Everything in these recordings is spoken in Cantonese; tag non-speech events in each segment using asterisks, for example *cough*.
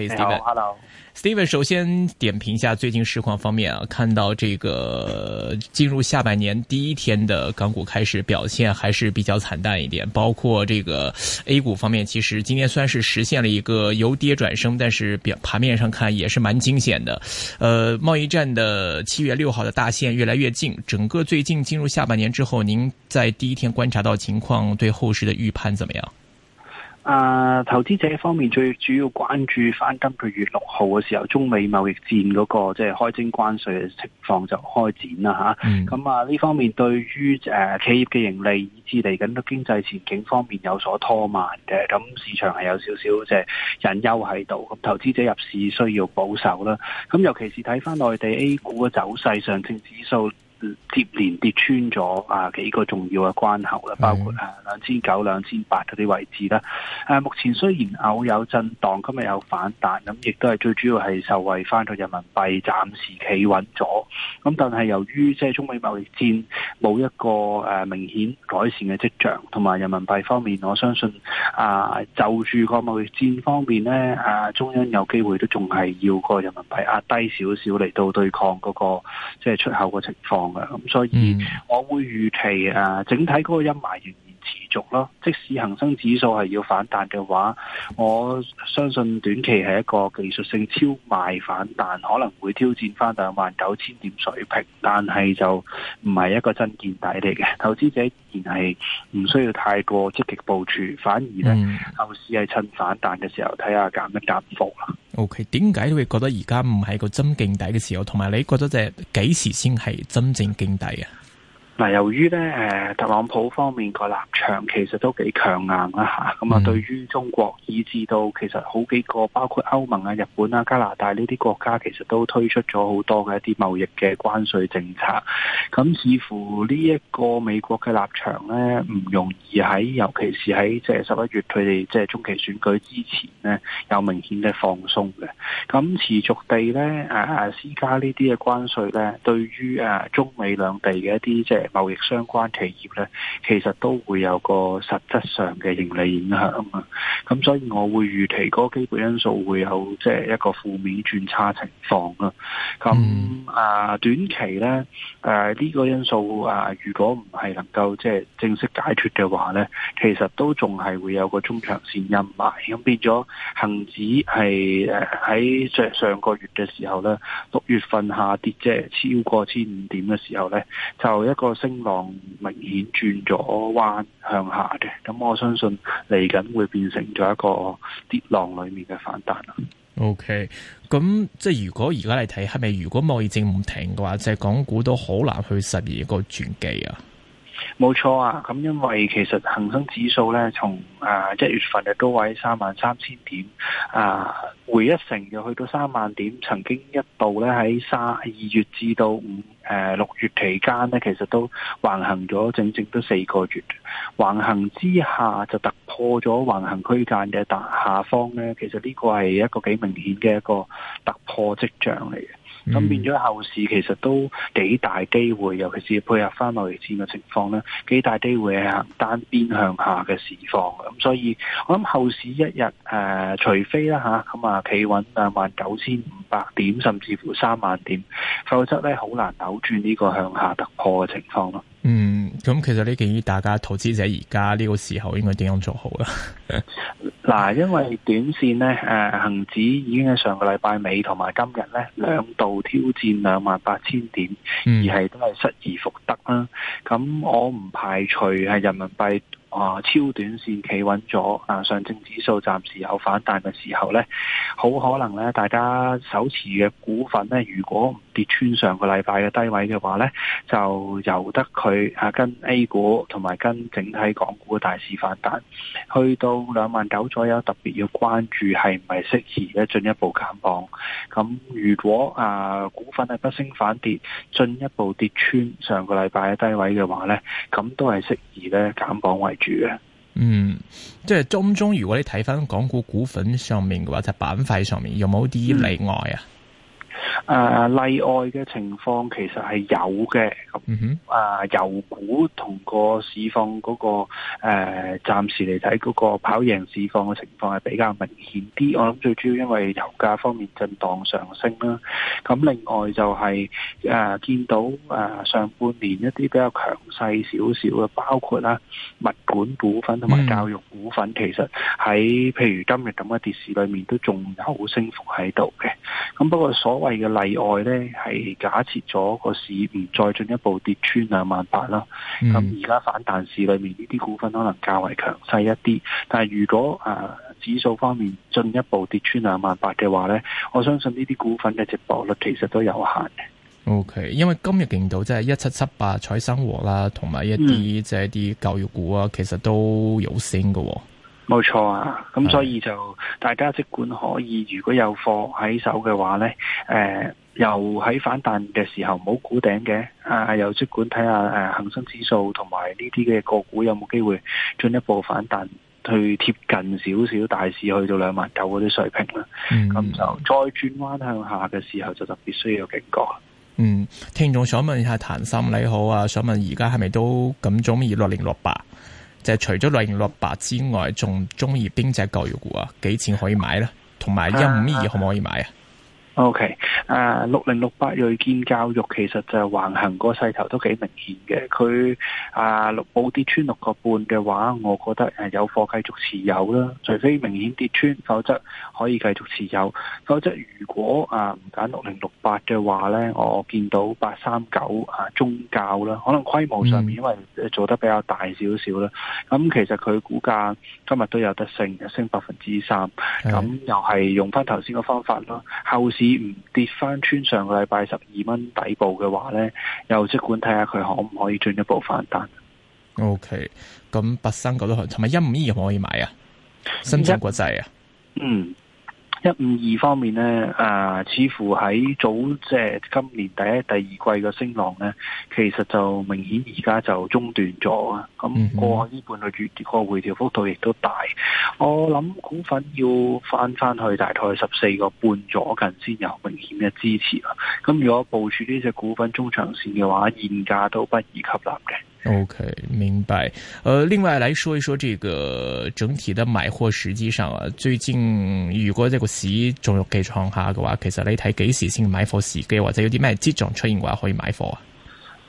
你好，Hello，Steven。Steven，首先點評一下最近市況方面啊，看到這個進入下半年第一天的港股開始表現還是比較慘淡一點，包括這個 A 股方面，其實今天雖然是實現了一個由跌轉升，但是表盤面上看也是蠻驚險的。呃，貿易戰的七月六號的大限越來越近，整個最近進入下半年之後，您在第一天觀察到情況，對後市的預判怎麼樣？啊，投資者方面最主要關注翻今個月六號嘅時候中美貿易戰嗰、那個即係、就是、開徵關稅嘅情況就開展啦吓，咁、嗯、啊呢方面對於誒、呃、企業嘅盈利以至嚟緊嘅經濟前景方面有所拖慢嘅，咁、嗯、市場係有少少即係隱憂喺度，咁、呃嗯、投資者入市需要保守啦，咁、嗯、尤其是睇翻內地 A 股嘅走勢，上證指數。接連跌穿咗啊幾個重要嘅關口啦，包括啊兩千九、兩千八嗰啲位置啦。啊，目前雖然偶有震盪，今日有反彈，咁亦都係最主要係受惠翻個人民幣暫時企穩咗。咁但係由於即係中美貿易戰冇一個誒明顯改善嘅跡象，同埋人民幣方面，我相信啊就住個貿易戰方面呢，啊中央有機會都仲係要個人民幣壓低少少嚟到對抗嗰個即係出口嘅情況。咁、嗯、所以我會預期誒，整體嗰個陰霾仍然持續咯。即使恒生指數係要反彈嘅話，我相信短期係一個技術性超賣反彈，可能會挑戰翻兩萬九千點水平，但係就唔係一個真見底嚟嘅。投資者仍然係唔需要太過積極部署，反而呢，後市係趁反彈嘅時候睇下減一減幅啦。O.K. 點解你會覺得而家唔係個真正勁底嘅時候？同埋你覺得隻幾時先係真正勁底啊？嗱，由於咧誒，特朗普方面個立場其實都幾強硬啦嚇，咁啊、嗯、對於中國以至到其實好幾個包括歐盟啊、日本啊、加拿大呢啲國家，其實都推出咗好多嘅一啲貿易嘅關稅政策。咁似乎呢一個美國嘅立場咧，唔容易喺尤其是喺即係十一月佢哋即係中期選舉之前咧，有明顯嘅放鬆嘅。咁持續地咧啊啊施加呢啲嘅關稅咧，對於啊中美兩地嘅一啲即係。貿易相關企業咧，其實都會有個實質上嘅盈利影響啊嘛，咁所以我會預期嗰個基本因素會有即係一個負面轉差情況啊，咁啊短期咧誒呢、這個因素啊，如果唔係能夠即係正式解決嘅話咧，其實都仲係會有個中長線陰霾。咁變咗恒指係誒喺上上個月嘅時候咧，六月份下跌即係超過千五點嘅時候咧，就一個。升浪明顯轉咗彎向下嘅，咁我相信嚟緊會變成咗一個跌浪裏面嘅反彈。OK，咁即係如果而家你睇，係咪如果貿易戰唔停嘅話，就係、是、港股都好難去實現一個轉機啊？冇錯啊，咁因為其實恆生指數咧，從誒一月份嘅高位三萬三千點啊，回一成就去到三萬點，曾經一度咧喺三二月至到五六月期間咧，其實都橫行咗整整都四個月，橫行之下就突破咗橫行區間嘅大下方咧，其實呢個係一個幾明顯嘅一個突破跡象嚟嘅。咁、嗯、變咗後市其實都幾大機會，尤其是配合翻貿易戰嘅情況咧，幾大機會係單邊向下嘅市況。咁所以，我諗後市一日誒、呃，除非啦嚇，咁啊企穩兩萬九千五百點，甚至乎三萬點，否則咧好難扭轉呢個向下突破嘅情況咯。嗯，咁其實呢，建議大家投資者而家呢個時候應該點樣做好呀？嗱， *laughs* 因為短線咧，誒，恒指已經喺上個禮拜尾同埋今日咧兩度挑戰兩萬八千點，而係都係失而復得啦。咁、嗯、我唔排除係人民幣啊、呃、超短線企穩咗，啊上證指數暫時有反彈嘅時候咧，好可能咧，大家手持嘅股份咧，如果不跌穿上個禮拜嘅低位嘅話呢，就由得佢吓跟 A 股同埋跟整體港股嘅大市反彈去到兩萬九左右，特別要關注係唔係適宜咧進一步減磅。咁如果啊股份係不升反跌，進一步跌穿上個禮拜嘅低位嘅話呢，咁都係適宜咧減磅為主嘅。嗯，即係中中，如果你睇翻港股股份上面嘅話，就係板塊上面有冇啲例外啊？嗯誒、啊，例外嘅情況其實係有嘅，咁、嗯、哼啊，油股同個市況嗰、那個誒、呃，暫時嚟睇嗰個跑贏市況嘅情況係比較明顯啲。我諗最主要因為油價方面震盪上升啦，咁、啊、另外就係、是、誒、啊、見到誒、啊、上半年一啲比較強勢少少嘅，包括啦、啊、物管股份同埋教育股份，嗯、其實喺譬如今日咁嘅跌市裏面都仲有很升幅喺度嘅。咁、啊、不過所謂嘅例外咧，係假設咗個市唔再進一步跌穿兩萬八啦。咁而家反彈市裏面呢啲股份可能較為強勢一啲。但係如果誒、呃、指數方面進一步跌穿兩萬八嘅話咧，我相信呢啲股份嘅值博率其實都有限。O、okay, K，因為今日見到即係一七七八彩生活啦，同埋一啲即係啲教育股啊，其實都有升嘅、哦。冇錯啊，咁所以就大家即管可以，的如果有貨喺手嘅話呢，誒、呃，又喺反彈嘅時候唔好估頂嘅，啊，又即管睇下誒恒生指數同埋呢啲嘅個股有冇機會進一步反彈，去貼近少少大市去到兩萬九嗰啲水平啦。咁、嗯、就再轉彎向下嘅時候就特別需要警覺。嗯，聽眾想問下譚生你好啊，想問而家係咪都咁中意六零六八？就除咗麗盈樂百之外，仲中意邊隻教育股啊？幾錢可以買咧？同埋一五二可唔可以買啊？O.K.，誒六零六八銳建教育其實就係橫行個勢頭都幾明顯嘅。佢啊六冇跌穿六個半嘅話，我覺得誒有貨繼續持有啦。除非明顯跌穿，否則可以繼續持有。否則如果啊唔揀六零六八嘅話咧，我見到八三九啊宗教啦，可能規模上面因為做得比較大少少啦。咁、mm. 嗯、其實佢股價今日都有得升，升百分之三。咁又係用翻頭先個方法咯。後市。跌唔跌翻穿上個禮拜十二蚊底部嘅話咧，又即管睇下佢可唔可以進一步反彈。OK，咁八三九都度同埋一五二又可以買啊，深圳國際啊，嗯。一五二方面呢，啊，似乎喺早即係、就是、今年第一、第二季嘅升浪呢，其實就明顯而家就中斷咗啊！咁過去呢半個月，嗰個回調幅度亦都大，我諗股份要翻翻去大概十四個半左近先有明顯嘅支持啦。咁如果部署呢隻股份中長線嘅話，現價都不宜吸納嘅。OK，明白。呃，另外來說一說，這個整體的買貨時機上啊，最近如果這個市仲有情況下嘅話，其實你睇幾時先買貨時機，或者有啲咩跡象出現嘅話，可以買貨啊。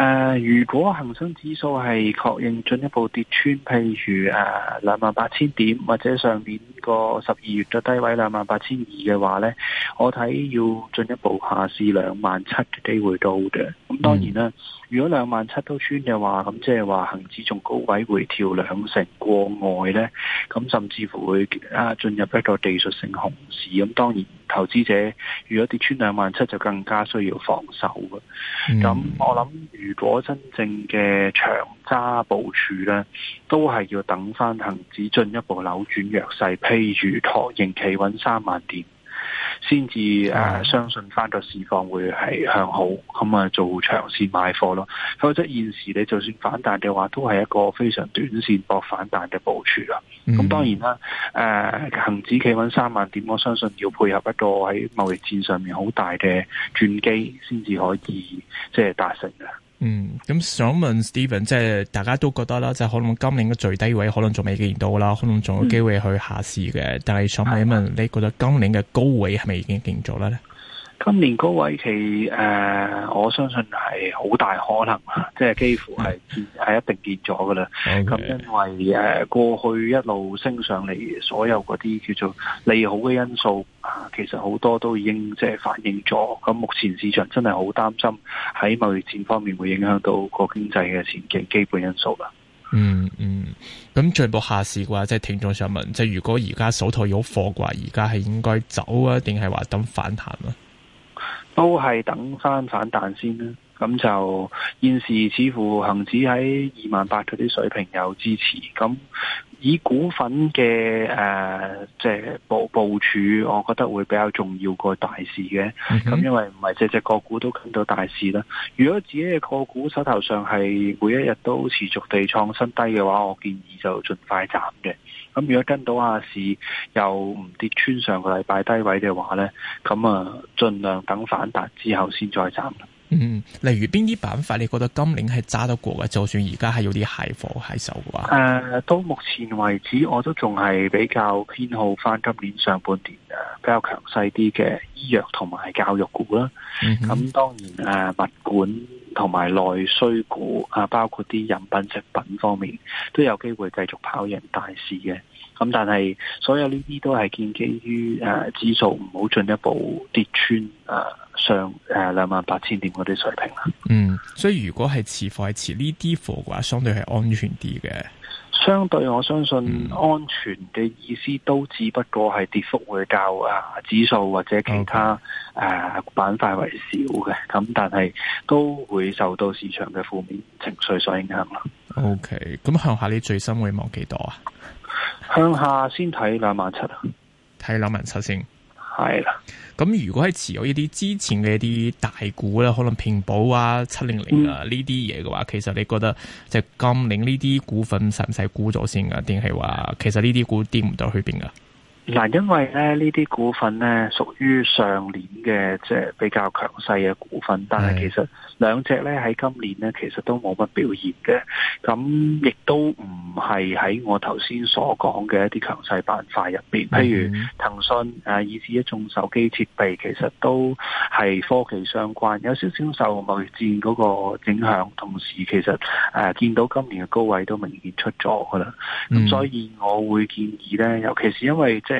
誒、呃，如果恒生指數係確認進一步跌穿，譬如誒兩萬八千點或者上面個十二月嘅低位兩萬八千二嘅話呢，我睇要進一步下試兩萬七嘅機會到嘅。咁當然啦，嗯、如果兩萬七都穿嘅話，咁即係話恒指從高位回調兩成過外呢，咁甚至乎會啊進入一個技術性熊市。咁當然。投資者如果跌穿兩萬七，就更加需要防守嘅。咁、嗯、我諗，如果真正嘅長揸部署呢，都係要等翻恒指進一步扭轉弱勢，譬如確認企穩三萬點。先至誒相信翻個市況會係向好，咁啊做長線買貨咯。否則喺現時你就算反彈嘅話，都係一個非常短線搏反彈嘅部署啦。咁當然啦，誒、呃、恆指企穩三萬點，我相信要配合一個喺貿易戰上面好大嘅轉機，先至可以即係達成嘅。嗯，咁想問 Steven，即係大家都覺得啦，即係可能今年嘅最低位可能仲未見到啦，可能仲有機會去下市嘅。嗯、但係想問一問，嗯、你覺得今年嘅高位係咪已經見咗啦咧？今年高位期，誒、呃，我相信係好大可能啊，即係幾乎係係 *laughs* 一定跌咗㗎喇。咁 Okay. 因為誒過去一路升上嚟，所有嗰啲叫做利好嘅因素啊，其實好多都已經即係反映咗。咁目前市場真係好擔心喺貿易戰方面會影響到個經濟嘅前景基本因素啦、嗯。嗯嗯，咁進步下市嘅話，即、就、係、是、聽眾想問，即、就、係、是、如果而家手頭有貨嘅話，而家係應該走啊，定係話等反彈啊？都係等返反彈先啦，咁就現時似乎恒指喺二萬八嗰啲水平有支持，咁以股份嘅誒，即係佈佈署我覺得會比較重要過大市嘅，咁、嗯、哼因為唔係隻隻個股都跟到大市啦。如果自己嘅個股手頭上係每一日都持續地創新低嘅話，我建議就盡快斬嘅。咁如果跟到亞市又唔跌穿上個禮拜低位嘅話呢，咁啊盡量等反彈之後先再斬。嗯，例如邊啲板塊你覺得今年係揸得過嘅？就算而家係有啲蟹貨喺手嘅話，呃，到目前為止我都仲係比較偏好翻今年上半年，呃、比較強勢啲嘅醫藥同埋教育股啦。咁、嗯、哼當然誒、呃，物管。同埋內需股啊，包括啲飲品食品方面，都有機會繼續跑贏大市嘅。咁、嗯、但係所有呢啲都係建基於誒指數唔好進一步跌穿誒、啊、上誒啊、兩萬八千點嗰啲水平啦。嗯，所以如果係持貨係持呢啲貨嘅話，相對係安全啲嘅。相對我相信安全嘅意思都只不過係跌幅會較啊指數或者其他誒板塊為少嘅，咁 Okay. 但係都會受到市場嘅負面情緒所影響咯。O K，咁向下你最深會望幾多啊？向下先睇兩萬七啊，睇兩萬七先。係啦，咁如果係持有一啲之前嘅一啲大股咧，可能平保啊、七零零啊呢啲嘢嘅話，嗯、其實你覺得即係今年呢啲股份使唔使沽咗先噶、啊？定係話其實呢啲股跌唔到去邊噶、啊？嗱，因為咧呢啲股份咧屬於上年嘅即係比較強勢嘅股份，但係其實兩隻咧喺今年咧其實都冇乜表現嘅，咁亦都唔係喺我頭先所講嘅一啲強勢板塊入邊，譬如騰訊誒以至一眾手機設備，其實都係科技相關，有少少受貿易戰嗰個影響，同時其實誒見到今年嘅高位都明顯出咗噶啦，咁所以我會建議咧，尤其是因為即係。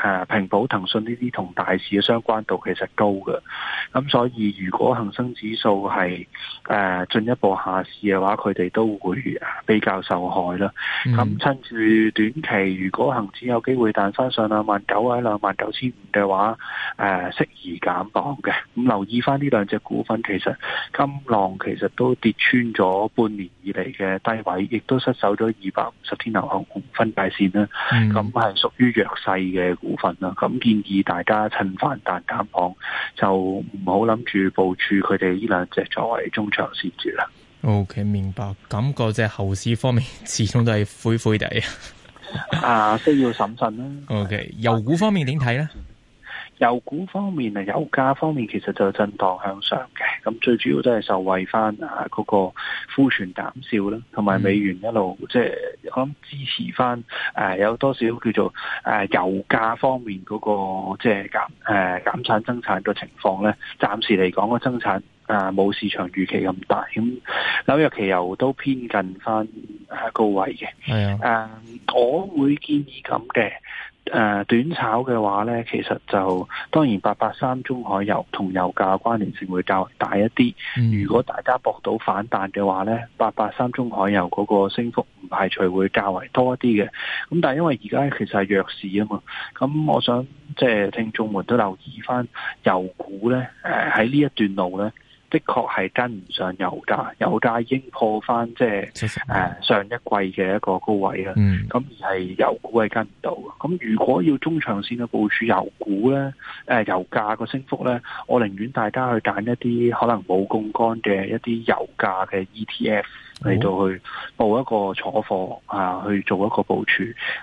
誒、啊、平保騰訊呢啲同大市嘅相關度其實高嘅，咁所以如果恆生指數係誒、呃、進一步下試嘅話，佢哋都會比較受害啦。咁、嗯啊、趁住短期，如果恆指有機會彈翻上兩萬九或者兩萬九千五嘅話，誒、啊、適宜減磅嘅。咁、啊、留意翻呢兩隻股份，其實金浪其實都跌穿咗半年以嚟嘅低位，亦都失守咗二百五十天牛熊分界線啦。咁、啊、係、啊、屬於弱勢嘅股份。股份啦，咁建議大家趁翻彈減磅，就唔好諗住部署佢哋呢兩隻作為中長線住啦。OK，明白，感覺即係後市方面始終都係灰灰地啊，需要審慎啦。OK，油股方面點睇咧？油股方面啊，油價方面其實就震盪向上嘅，咁最主要都係受惠翻啊嗰個庫存減少啦，同埋美元一路即係、就是、我諗支持翻誒、啊、有多少叫做誒、啊、油價方面嗰、那個即係減誒減產增產嘅情況咧，暫時嚟講個增產啊冇市場預期咁大，咁紐約期油都偏近翻高位嘅，誒的、啊、我會建議咁嘅。誒短炒嘅話咧，其實就當然八八三中海油同油價關聯性會較為大一啲。如果大家博到反彈嘅話咧，八八三中海油嗰個升幅唔排除會較為多一啲嘅。咁但係因為而家其實係弱市啊嘛，咁我想即係聽眾們都留意翻油股咧，誒喺呢一段路咧。的確係跟唔上油價，油價已經破翻即係誒上一季嘅一個高位啦。咁而係油股係跟唔到。咁如果要中長線嘅部署油股咧，誒、呃、油價個升幅咧，我寧願大家去揀一啲可能冇槓桿嘅一啲油價嘅 ETF。嚟到去報一個坐貨啊，哦、去做一個部署。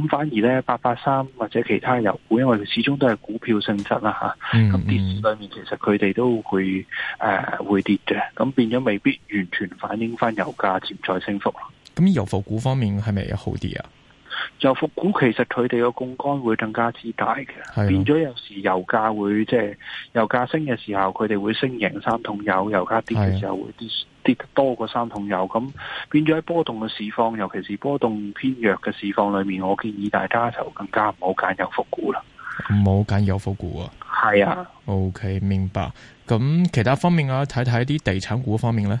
咁反而咧，八八三或者其他油股，因為佢始終都係股票性質啦嚇，咁、嗯嗯、跌市裏面其實佢哋都會誒、呃、會跌嘅，咁變咗未必完全反映翻油價潛在升幅咯。咁油服股方面係咪好啲啊？就復股，其實佢哋個槓桿會更加之大嘅，啊、變咗有時油價會即係、就是、油價升嘅時候，佢哋會升贏三桶油；油價跌嘅時候，會跌、啊、跌多過三桶油。咁變咗喺波動嘅市況，尤其是波動偏弱嘅市況裏面，我建議大家就更加唔好揀油復股啦。唔好揀油復股啊！係啊。OK，明白。咁其他方面啊，睇睇啲地產股方面咧。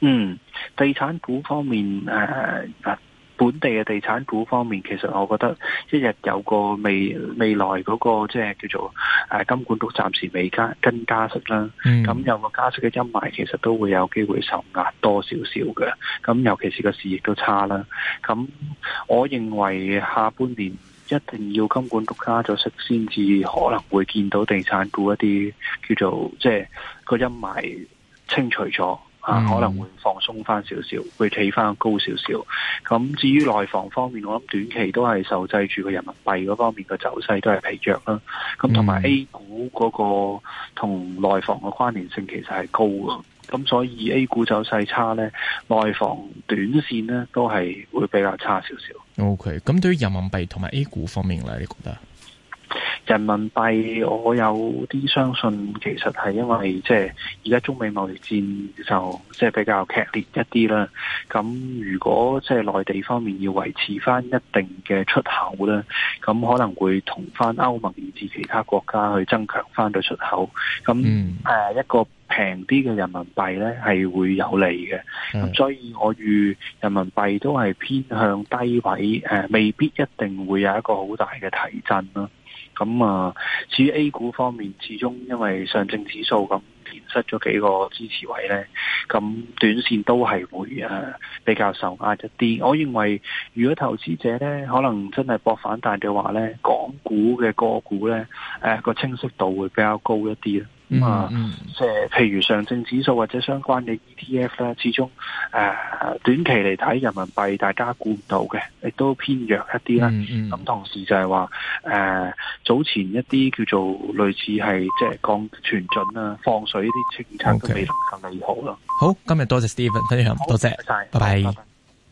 嗯，地產股方面，誒、呃本地嘅地產股方面，其實我覺得一日有個未未來嗰、那個即係叫做誒、呃、金管局暫時未加跟加息啦，咁、嗯、有個加息嘅陰霾，其實都會有機會受壓多少少嘅。咁尤其是個市亦都差啦。咁我認為下半年一定要金管局加咗息，先至可能會見到地產股一啲叫做即係、這個陰霾清除咗。啊、可能會放鬆返少少，啊、會企返高少少。咁 *noise* 至於內房方面，我諗短期都係受制住個人民幣嗰方面嘅走勢，都係疲弱啦。咁同埋 A 股嗰個同內房嘅關聯性其實係高咯。咁所以 A 股走勢差呢，內房短線呢都係會比較差少少。OK，咁對於人民幣同埋 A 股方面呢，你覺得？人民幣，我有啲相信，其實係因為即係而家中美貿易戰就即係比較劇烈一啲啦。咁如果即係內地方面要維持翻一定嘅出口咧，咁可能會同翻歐盟以至其他國家去增強翻對出口。咁誒一個平啲嘅人民幣咧，係會有利嘅。咁、嗯、所以我預人民幣都係偏向低位、呃，未必一定會有一個好大嘅提振咯。咁啊，至於 A 股方面，始終因為上證指數咁填失咗幾個支持位呢，咁短綫都係會誒比較受壓一啲。我認為如果投資者呢可能真係博反彈嘅話呢，港股嘅個股呢誒個清晰度會比較高一啲。咁啊，即係譬如上證指數或者相關嘅 ETF 咧，始終誒、呃、短期嚟睇，人民幣，大家估唔到嘅，亦都偏弱一啲啦。咁、嗯嗯、同時就係話誒早前一啲叫做類似係即係降存準啊、放水呢啲政策都未利好啦。Okay. 好，今日多謝 Steven 分享，多謝，好多謝，拜拜。拜拜拜拜。